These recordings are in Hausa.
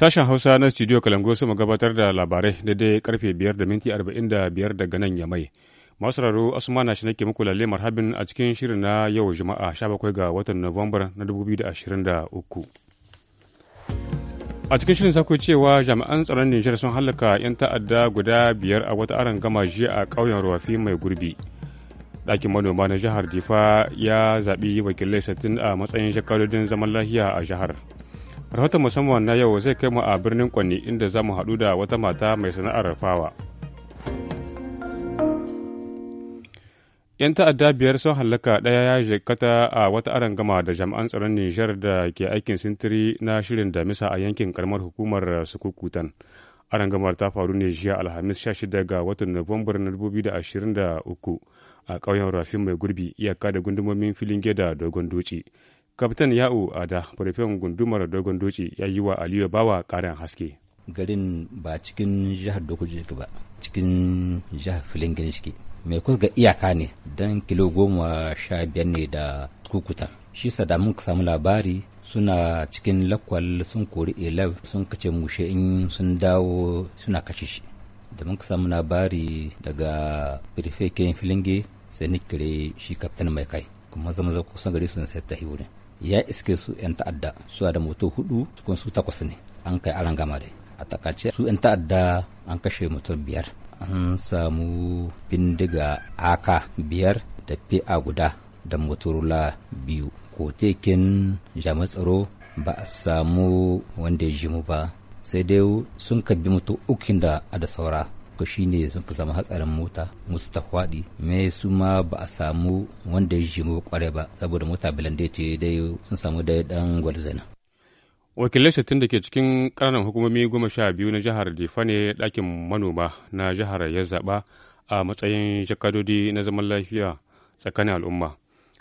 Sashen Hausa na Studio Kalango sun gabatar da labarai daidai karfe 5 da minti 45 daga nan ya mai. Masararo Asmana shi nake muku lalle marhabin a cikin shirin na yau Juma'a 17 ga watan Nuwambar na 2023. A cikin shirin sako cewa jami'an tsaron Nijar sun hallaka 'yan ta'adda guda biyar a wata aron gama jiya a ƙauyen Ruwafi mai gurbi. Ɗakin manoma na jihar Difa ya zaɓi wakilai 60 a matsayin jakadodin zaman lahiya a jihar. rahoto musamman na yau zai kai mu a birnin kwanni inda za mu haɗu da wata mata mai sana'ar fawa 'yan ta'adda biyar sun hallaka ɗaya ya jikata a wata gama da jami'an tsaron nijar da ke aikin sintiri na shirin damisa a yankin karamar hukumar sukukutan arangamar ta faru ne jiya alhamis 16 ga watan nuwambar 2023 a ƙauyen rafin mai gurbi iyaka da gundumomin filin geda dogon doci Kaftan Ya'u da Farfen Gundumar Dogon Doci ya yi wa Aliyu Bawa ƙarin haske. Garin ba cikin jihar Dokoji ba, cikin jihar Filingin shi mai kusa ga iyaka ne don kilo goma sha biyar ne da kukuta shi da mun samu labari suna cikin lakwal sun kori elef sun kace mushe in sun dawo suna kashe shi da mun samu labari daga birfekin filinge sai ni kire shi kaftan mai kai kuma zama kusan gari sun sai ta hiwurin ya iske su 'yan ta'adda suna da moto hudu cikin su takwas ne an kai aran gama dai a takace su 'yan ta'adda an kashe mutum biyar an samu bindiga aka biyar da fi'a guda da motorula biyu ko tekin jami'an tsaro ba a samu wanda ya jimu ba sai dai sun kabi mutu ukin da a da saura shi shi sun ka zama hatsarin mota musu ta kwaɗi me su ma ba a samu wanda ya jimo kware ba saboda mota bilande ce dai sun samu dai dan gwalzana wakilai sittin da ke cikin ƙananan hukumomi goma sha biyu na jihar difa ne ɗakin manoma na jihar ya zaɓa a matsayin jakadodi na zaman lafiya tsakanin al'umma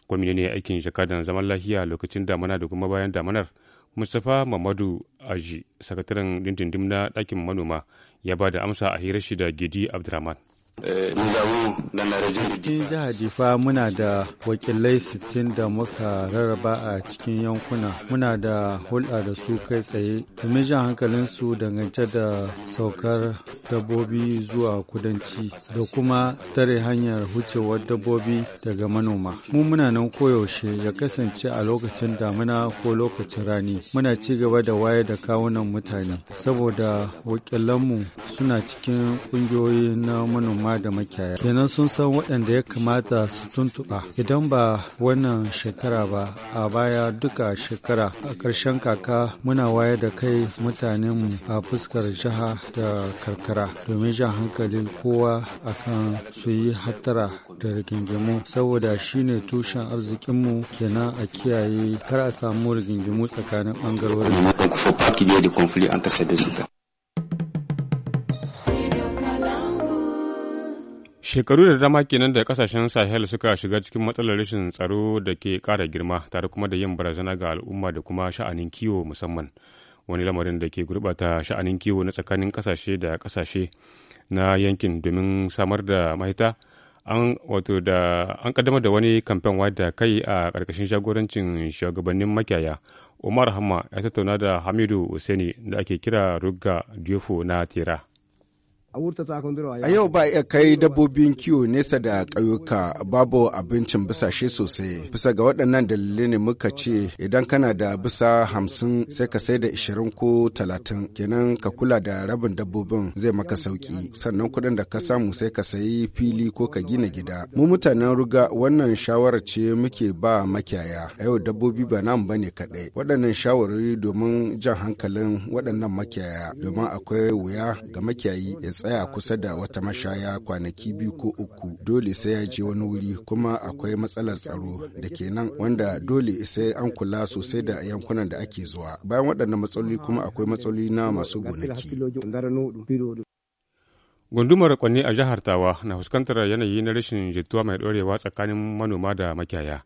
kwamini ne aikin jakadan zaman lafiya lokacin damana da kuma bayan damanar mustapha mamadu aji sakataren dindindim na ɗakin manoma ya ba da amsa a hirar shi da gidi abdulrahman cikin jihar jifa muna da wakilai sittin da muka rarraba a cikin yankuna muna da hulɗa da su kai tsaye domin jan hankalinsu dangance da saukar dabbobi zuwa kudanci da kuma tare hanyar hucewar dabbobi daga manoma mu muna nan koyaushe ya kasance a lokacin damina ko lokacin rani muna ci gaba da waye da kawunan mutane saboda wakilanmu suna cikin ƙungiyoyi na manoma kama da makiyaya kenan sun san waɗanda ya kamata su tuntuɓa idan ba wannan shekara ba a baya duka shekara a ƙarshen kaka muna wayar da kai mutanenmu a fuskar jiha da karkara domin jan hankalin kowa akan su yi hattara da rigingimu saboda shine tushen arzikinmu kenan a kiyaye kar a samu rigingimu tsakanin ɓangarorin. Shekaru da dama kenan da kasashen Sahel suka shiga cikin matsalar rashin tsaro da ke kara girma tare kuma da yin barazana ga al'umma da kuma sha'anin kiwo musamman. Wani lamarin da ke gurbata sha'anin kiwo na tsakanin kasashe da kasashe na yankin domin samar da mahita an wato da an kaddamar da wani kamfen wadda kai a ƙarƙashin jagorancin shugabannin makiyaya Umar Hamma ya tattauna da Hamidu Useni da ake kira ruga Diofo na Tera. A yau ba iya kai dabbobin kiwo nesa da ƙauyuka babu abincin bisashe sosai. Bisa ga waɗannan dalilai ne muka ce idan kana da bisa hamsin sai ka sai da ishirin ko talatin kenan ka kula da rabin dabbobin zai maka sauki sannan kuɗin da ka samu sai ka sayi fili ko ka gina gida. Mu mutanen ruga wannan shawarar ce muke ba makiyaya. A yau dabbobi ba namu ne kaɗai. Waɗannan shawarwari domin jan hankalin waɗannan makiyaya domin akwai wuya ga makiyayi ya tsaya kusa da wata mashaya kwanaki biyu ko uku dole sai ya je wani wuri kuma akwai matsalar tsaro da ke nan wanda dole sai an kula sosai da yankunan da ake zuwa bayan waɗannan matsaloli kuma akwai matsaloli na masu gonaki Gundumar kwanne a jihar Tawa na fuskantar yanayi na rashin jituwa mai ɗorewa tsakanin manoma da makiyaya.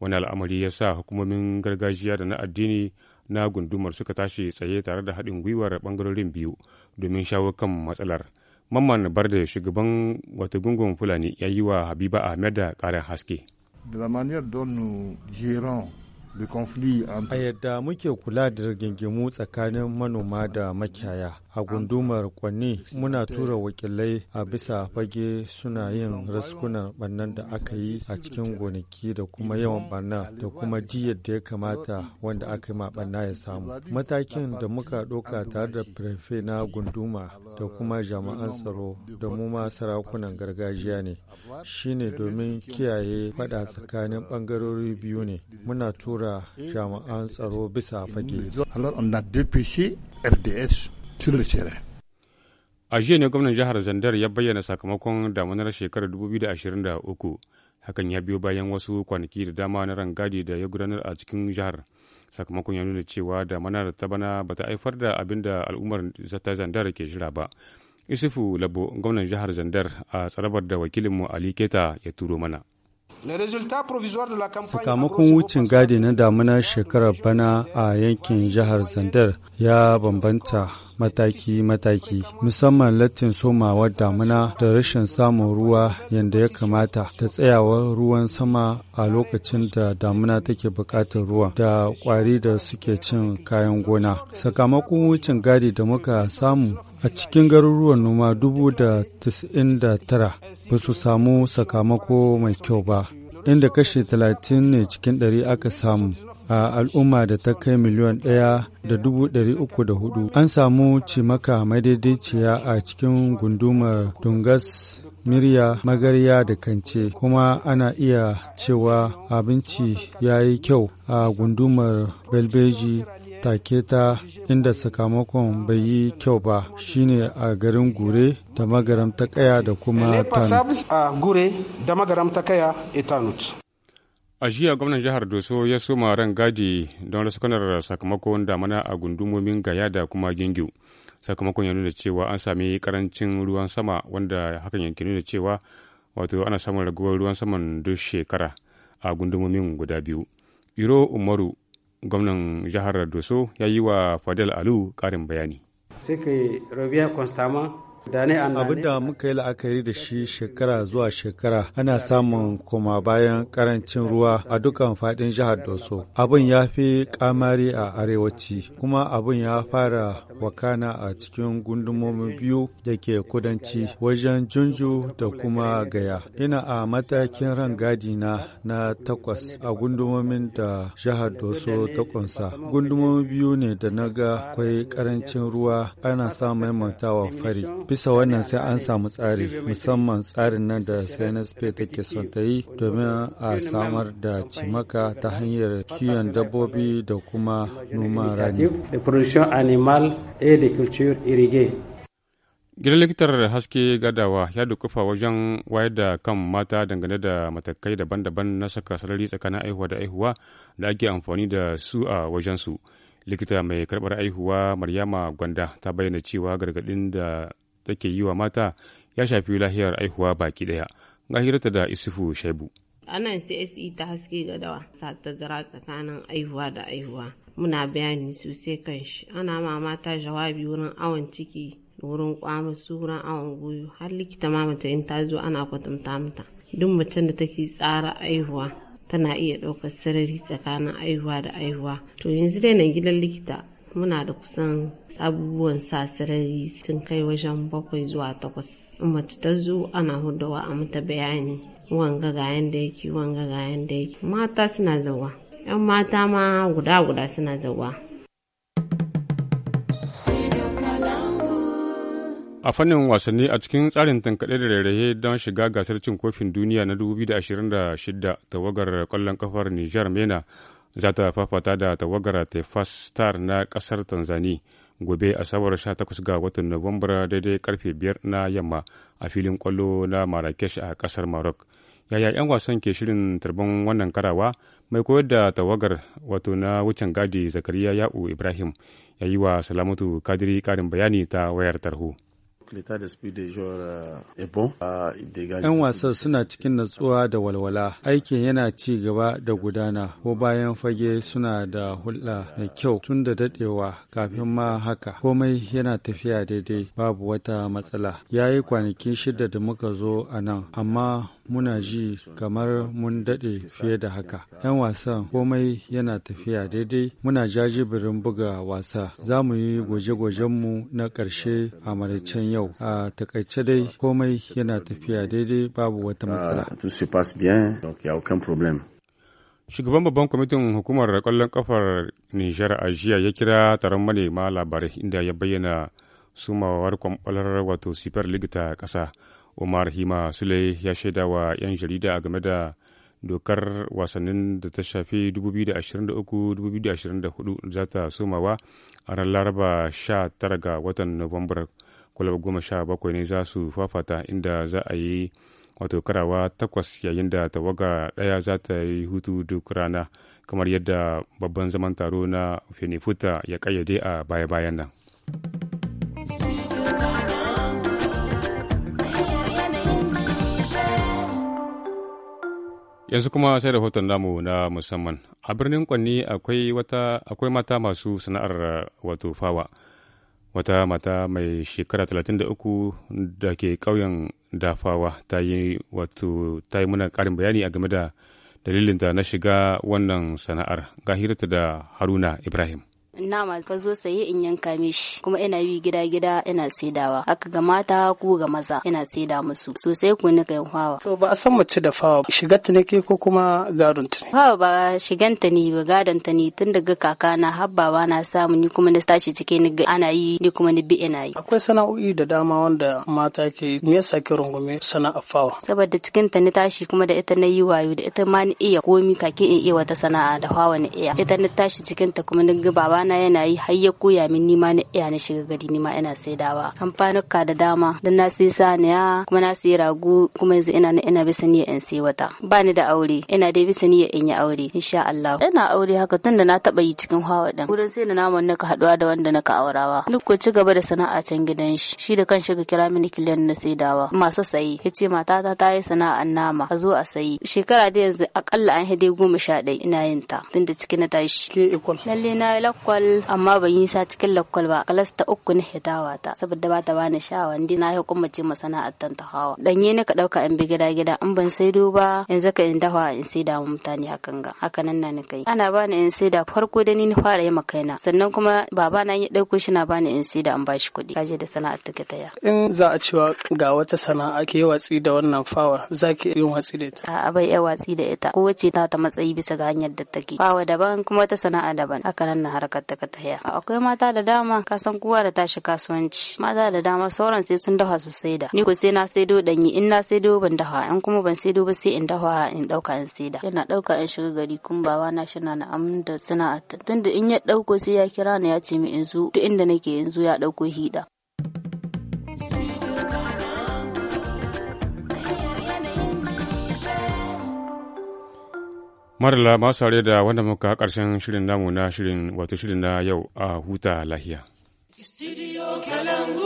Wani al'amari ya sa hukumomin gargajiya da na addini na gundumar suka tashi tsaye tare da haɗin gwiwar ɓangarorin biyu domin shawo kan matsalar. Mamman da shugaban wata gungun Fulani ya yi wa Habiba Ahmed da ƙarin haske. A yadda muke kula da rigingimu tsakanin manoma da makiyaya a gundumar kwanni muna tura wakilai a bisa fage suna yin raskunan bannan da aka yi a cikin gonaki da kuma yawan banna da kuma jiyar da ya kamata wanda aka yi ma banna ya samu. Matakin da muka ɗauka tare da prefe na gunduma da kuma jami'an tsaro da mu ma sarakunan gargajiya ne shine domin kiyaye faɗa tsakanin ɓangarori biyu ne muna tura tura jami'an tsaro bisa fage. A jiya ne gwamnan jihar Zandar ya bayyana sakamakon damanar shekarar 2023 hakan ya biyo bayan wasu kwanaki da dama na rangadi da ya gudanar a cikin jihar. Sakamakon ya nuna cewa damanar ta bana bata haifar da abin da al'ummar ta Zandar ke jira ba. Isufu Labo, gwamnan jihar Zandar a tsarabar da wakilinmu Ali Keta ya turo mana. Sakamakon wucin gadi na damuna shekarar bana a yankin jihar Zandar ya bambanta mataki-mataki, musamman latin somawar damuna da rashin samun ruwa yadda ya kamata da tsayawar ruwan sama a lokacin da damuna take buƙatar ruwa da ƙwari da suke cin kayan gona. Sakamakon wucin gadi da muka samu a cikin garuruwan noma dubu da da tara ba su samu sakamako mai kyau ba inda kashe talatin ne cikin ɗari aka samu a al'umma da ta kai miliyan ɗaya da dubu dari uku da hudu an samu cimaka madaidaiciya a cikin gundumar dungas mirya magarya da kance kuma ana iya cewa abinci ya yi kyau a gundumar belbeji take ta inda sakamakon bai yi kyau ba shine a garin gure da magaram ta kaya da kuma tanut a jiya gwamnan jihar doso ya soma ran gadi don sakamako sakamakon mana a gundumomin gaya da kuma gingiu sakamakon ya nuna cewa an sami karancin ruwan sama wanda hakan yanke nuna cewa wato ana samun raguwar ruwan saman duk shekara a gundumomin guda biyu iro umaru gwamnan jihar Doso ya yi wa Fadel Alu ƙarin bayani. Sai ka yi Constama Abin da muka yi la'akari da shi shekara zuwa shekara ana samun koma bayan karancin ruwa a dukkan fadin jihar Doso. Abin ya fi kamari a arewaci kuma abin ya fara wakana a cikin gundumomi biyu da ke kudanci wajen Junju da kuma Gaya. Ina a matakin rangadi na na takwas a gundumomin da jihar Doso ta kunsa. Gundumomi biyu ne da na ga kwai karancin ruwa ana samun maimaitawa fari. bisa wannan sai an samu tsari musamman tsarin nan da cnsp take son ta yi domin a samar da cimaka ta hanyar kiwon dabbobi da kuma noman rani gidan likitar haske gadawa ya dukufa wajen wayar da kan mata dangane da matakai daban-daban na saka sarari tsakanin aihuwa da aihuwa da ake amfani da su a wajensu likita mai karbar aihuwa maryama gwanda ta bayyana cewa gargadin da take yi wa mata ya shafi lahiyar aihuwa baki ɗaya. Ga hirata da Isufu Shaibu. a nan CSE ta haske ga dawa sa ta zara tsakanin aihuwa da aihuwa muna bayani sosai kan shi ana ma mata jawabi wurin awon ciki wurin su wurin awon goyo har likita ma mace in ta zo ana kwatanta mata duk mutum da take tsara aihuwa tana iya ɗaukar sarari tsakanin aihuwa da aihuwa to yanzu dai nan gidan likita muna da kusan abubuwan sa sasirari sun kai wajen bakwai zuwa takwas in mace ta zo ana hudawa a mata bayani wanga ga yanda yake wanga ga yanda yake mata suna zawa yan mata ma guda guda suna zawa a fannin wasanni a cikin tsarin tankaɗe da rairaye don shiga gasar cin kofin duniya na 2026 tawagar ƙwallon kafar nijar mena za ta fafata da tawagar tefas star na kasar tanzania gobe asabar 18 ga watan nuwambar daidai karfe 5 na yamma a filin kwallo na marrakesh a kasar maroc yaya 'yan wasan ke shirin tarban wannan karawa mai koyar da tawagar wato na wucin gadi zakariya ya'u ibrahim ya yi wa salamatu kadiri ƙarin bayani ta wayar tarho. Euh, 'Yan wasan suna cikin natsuwa da walwala. Aikin yana ci gaba da gudana ko bayan fage suna da hulɗa mai kyau tun da daɗewa kafin ma haka. Komai yana tafiya daidai babu wata matsala. Ya yi kwanaki shida da muka zo a nan, amma muna ji kamar mun daɗe fiye da haka. 'Yan wasan komai yana tafiya daidai muna jajibirin buga wasa. Za mu yi gwaje mu na ƙarshe a maraicen yau. A takaice dai komai yana tafiya daidai babu wata matsala. Ah, Shugaban babban kwamitin hukumar kwallon kafar Nijar a jiya ya kira taron manema labarai inda ya bayyana sumawar kwamfalar wato Super League ta ƙasa. umar hima sule ya shaida wa 'yan jarida game da dokar wasannin da ta shafi 2023-2024 za ta somawa a ran laraba 19 ga watan nuwambar kulab goma sha bakwai ne za su fafata inda za a yi wato karawa takwas yayin da tawaga daya za ta yi hutu duk rana kamar yadda babban zaman taro na fenifuta ya ƙayyade a baya-bayan nan. Yanzu kuma sai rahoton namu na musamman. A birnin Kwanni akwai mata masu sana'ar wato fawa. Wata mata mai shekara 33 da ke ƙauyen Dafawa ta yi wato ta yi muna ƙarin bayani a game da dalilinta na shiga wannan sana'ar. Ga da Haruna Ibrahim. nama ka zo saye in yanka mishi kuma ina yi gida gida ina saidawa haka ga mata ko ga maza ina saida musu sosai ko nika yin hawa to ba a san mace da fawa shigar ta ne ke ko kuma gadon ta ne fawa ba shigan ta ne ba gadon ta ne tun daga kaka na habba ba na samu ni kuma na tashi cike ni ana yi ni kuma ni bi ina yi akwai sana'o'i da dama wanda mata ke me yasa ki rungume sana'a fawa saboda cikin ta ni tashi kuma da ita na yi wayo da ita ma ni iya komi kake in iya wata sana'a da fawa ni iya ita ni tashi cikin ta kuma ni ga baba babana yana yi har ya koya min nima na iya na shiga gari nima ina saidawa kamfanuka da dama dan na sai saniya kuma na sai ragu kuma yanzu ina na ina bisa niyya in sai wata ba ni da aure ina dai bisa niyya in yi aure insha Allah ina aure haka tunda na taba yi cikin hawa din gurin sai da na ka haduwa da wanda na ka aurawa duk ko ci gaba da sana'a can gidan shi shi da kan shiga kira mini kiliyan na saidawa masu sayi yace matata ta ta yi sana'a nama a zo a sayi shekara da yanzu akalla an hade goma sha ɗaya ina yin ta tunda cikin na tashi ke lalle na lakwa lakwal amma ban yi sa cikin lakwal ba kalas ta uku na dawa ta saboda ba ta bani sha'awa ndi na yi ce masana'antar ta hawa danye ne ka dauka in bi gida gida An ban sai duba yanzu ka in dawa in sai da mutane hakan ga nan na kai ana bani in sai da farko da ni ni fara yi makaina sannan kuma baba na ya dauko shi na bani in sai da an bashi kuɗi kaje da sana'ar ta ta ya in za a cewa ga wata sana'a ke watsi da wannan fawa zaki yin watsi da ita a'a bai yi watsi da ita Ko wace ta ta matsayi bisa ga hanyar da take fawa daban kuma wata sana'a daban nan na harkar ta ka akwai mata da dama ka san kowa da tashi kasuwanci mata da dama sauran sai sun dafa su saida ni ko sai na saido danyi in na saido ban dafa in kuma ban saido ba sai in dafa in dauka in saida yana dauka in shiga gari kun baba na shi na amin da sana'a tunda in ya dauko sai ya kira ni ya ce mi in zo duk inda nake yanzu ya dauko hida Marala masu saurare da wanda muka karshen shirin namu na shirin wato shirin na yau a huta lahiya. Studio Kalangu.